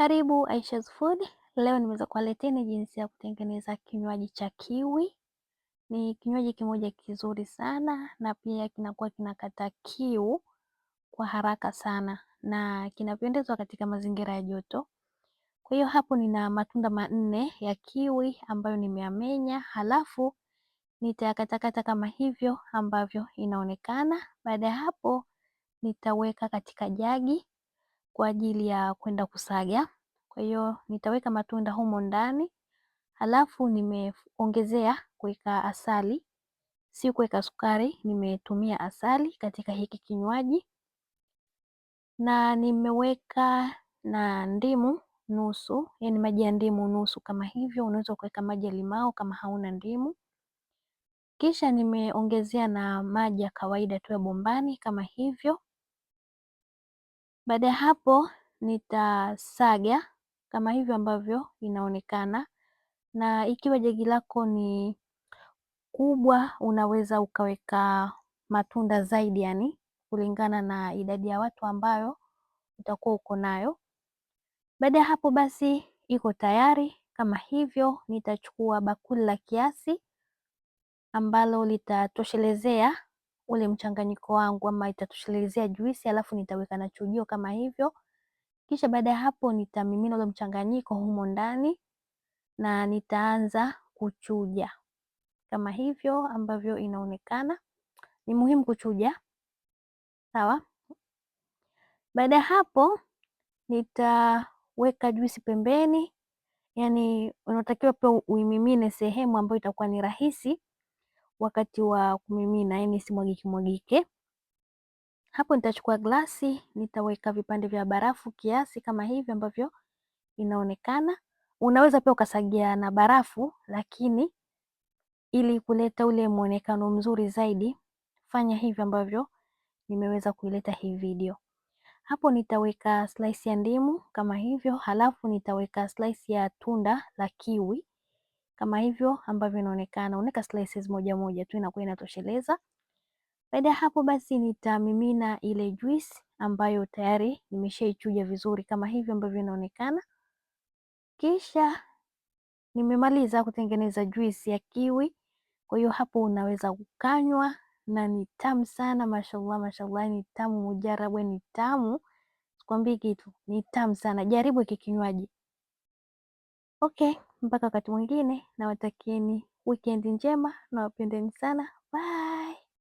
Karibu Aisha's Food. Leo nimeweza kuwaleteni jinsi ya kutengeneza kinywaji cha kiwi. Ni kinywaji kimoja kizuri sana na pia kinakuwa kinakata kiu kwa haraka sana na kinapendezwa katika mazingira ya joto. Kwa hiyo hapo nina matunda manne ya kiwi ambayo nimeyamenya halafu nitayakatakata kama hivyo ambavyo inaonekana. Baada ya hapo nitaweka katika jagi kwa ajili ya kwenda kusaga. Kwa hiyo nitaweka matunda humo ndani, halafu nimeongezea kuweka asali, si kuweka sukari. Nimetumia asali katika hiki kinywaji na nimeweka na ndimu nusu, yani maji ya ndimu nusu kama hivyo. Unaweza kuweka maji ya limao kama hauna ndimu. Kisha nimeongezea na maji ya kawaida tu ya bombani kama hivyo, baada ya hapo nitasaga kama hivyo ambavyo inaonekana, na ikiwa jagi lako ni kubwa unaweza ukaweka matunda zaidi, yani kulingana na idadi ya watu ambayo utakuwa uko nayo. Baada ya hapo basi iko tayari kama hivyo. Nitachukua bakuli la kiasi ambalo litatoshelezea ule mchanganyiko wangu, ama itatoshelezea juisi, alafu nitaweka na chujio kama hivyo. Kisha baada ya hapo nitamimina ule mchanganyiko humo ndani na nitaanza kuchuja kama hivyo ambavyo inaonekana. Ni muhimu kuchuja, sawa. Baada ya hapo nitaweka juisi pembeni, yani unatakiwa pia uimimine sehemu ambayo itakuwa ni rahisi wakati wa kumimina, yani isimwagike mwagike. Hapo nitachukua glasi, nitaweka vipande vya barafu kiasi kama hivi ambavyo inaonekana. Unaweza pia ukasagia na barafu, lakini ili kuleta ule mwonekano mzuri zaidi, fanya hivi ambavyo nimeweza kuileta hii video. Hapo nitaweka slice ya ndimu kama hivyo, halafu nitaweka slice ya tunda la kiwi kama hivyo ambavyo inaonekana. Unaweka slices moja moja tu inakuwa inatosheleza. Baada ya hapo basi nitamimina ile juice ambayo tayari nimeshaichuja vizuri kama hivyo ambavyo inaonekana. Kisha nimemaliza kutengeneza juice ya kiwi. Kwa hiyo hapo unaweza kukanywa na ni tamu sana, mashallah mashallah, ni tamu mujarabwe, ni tamu, sikwambii kitu, ni tamu sana. Jaribu kikinywaji. Okay. Mpaka wakati mwingine, nawatakieni wikendi njema, nawapendeni sana. Bye.